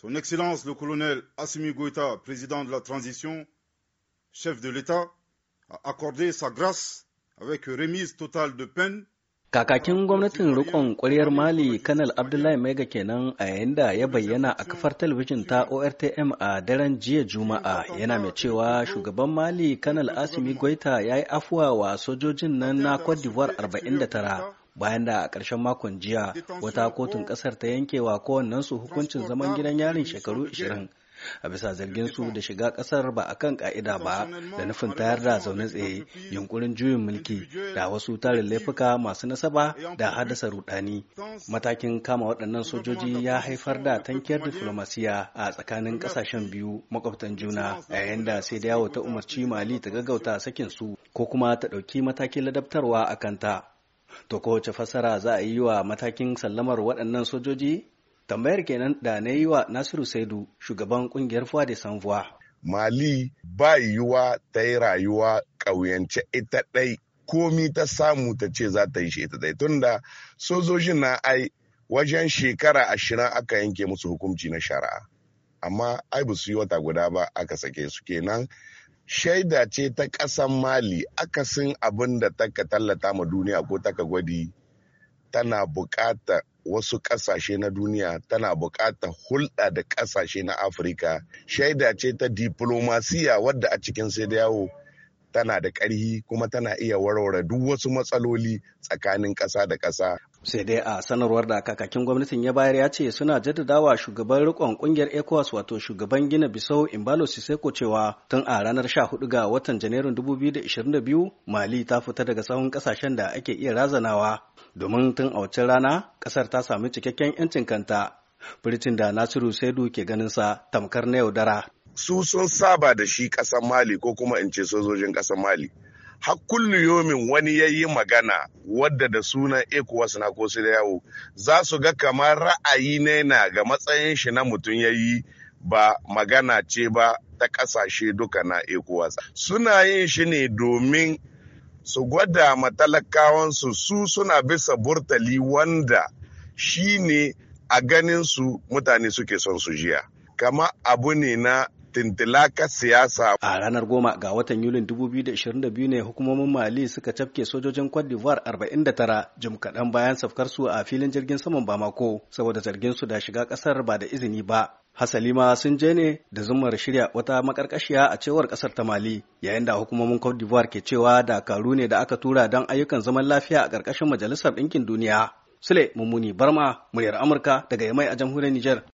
Son Excellence le colonel Assimi Goïta, président de la transition, chef de l'État, a accordé sa grâce avec remise totale de peine Kakakin gwamnatin rikon ƙwariyar Mali, Kanal Abdullahi Maiga kenan a yayin da ya bayyana a kafar talabijin ta ORTM a daren jiya Juma'a yana mai cewa shugaban Mali Kanal Asimi Goita ya yi afuwa wa sojojin nan na Cote d'Ivoire 49 bayan da a ƙarshen makon jiya wata kotun ƙasar ta yankewa kowannensu hukuncin zaman gidan yarin shekaru 20 a bisa zargin su da shiga ƙasar ba a kan ƙa'ida ba da nufin tayar da zaune tsaye yunkurin juyin mulki da wasu tarin laifuka masu nasaba da haddasa rudani matakin kama waɗannan sojoji ya haifar da tankiyar diflomasiya a tsakanin ƙasashen biyu makwabtan juna yayin da sai da yawo ta umarci mali ta gaggauta sakin su ko kuma ta ɗauki matakin ladabtarwa a kanta To ko wace fasara za a yi wa matakin sallamar waɗannan sojoji? Tambayar kenan da na yi wa Nasiru Saidu shugaban kungiyar Fuwa da Sanfuwa. Mali ba yiwuwa ta yi rayuwa ƙauyance ita ɗai komi ta samu ta ce za ta yi shi ita ɗai tunda sojojin na ai wajen shekara ashirin aka yanke musu hukunci na shari'a amma ai ba su yi wata guda ba aka sake su kenan shaida ce ta ƙasan mali akasin abin da taka tallata ma duniya ko taka gwadi tana buƙata wasu ƙasashe na duniya tana buƙatar hulɗa da ƙasashe na afirka shaida ce ta diplomasiya wadda a cikin sai da yawo tana da ƙarhi kuma tana iya warware duk wasu matsaloli tsakanin ƙasa da ƙasa sai dai a sanarwar da kakakin gwamnatin ya bayar ya ce suna jaddadawa shugaban rikon kungiyar ecowas wato shugaban gina bisau imbalo siseko cewa tun a ranar 14 ga watan janairun 2022 mali ta fita daga sahun kasashen da ake iya razanawa domin tun a wacce rana kasar ta sami cikakken yancin kanta furicin da nasiru saidu ke ganin sa tamkar na yaudara su sun saba da shi kasan mali ko kuma in ce sojojin kasan mali har yomin wani ya yi magana wadda da sunan ECOWAS na ko yawo za su ga kamar ra'ayi na yana ga matsayin shi na mutum ya yi ba magana ce ba ta ƙasashe duka na ECOWAS. Suna yin shi ne domin su gwada matalakawansu su suna bisa burtali wanda shi ne a ganin su mutane suke son su jiya. Kama abu ne na tintilaka siyasa. A ranar goma ga watan Yulin 2022 ne hukumomin Mali suka cafke sojojin Cote d'Ivoire 49 jim kaɗan bayan safkarsu a filin jirgin saman Bamako saboda zargin su da shiga ƙasar ba da izini ba. Hasali ma sun je ne da zumar shirya wata makarkashiya a cewar ƙasar ta Mali yayin da hukumomin Cote d'Ivoire ke cewa dakaru ne da aka tura don ayyukan zaman lafiya a ƙarƙashin Majalisar Ɗinkin Duniya. Sule Mummuni Barma, muryar Amurka daga Yamai a jamhuriyar Nijar.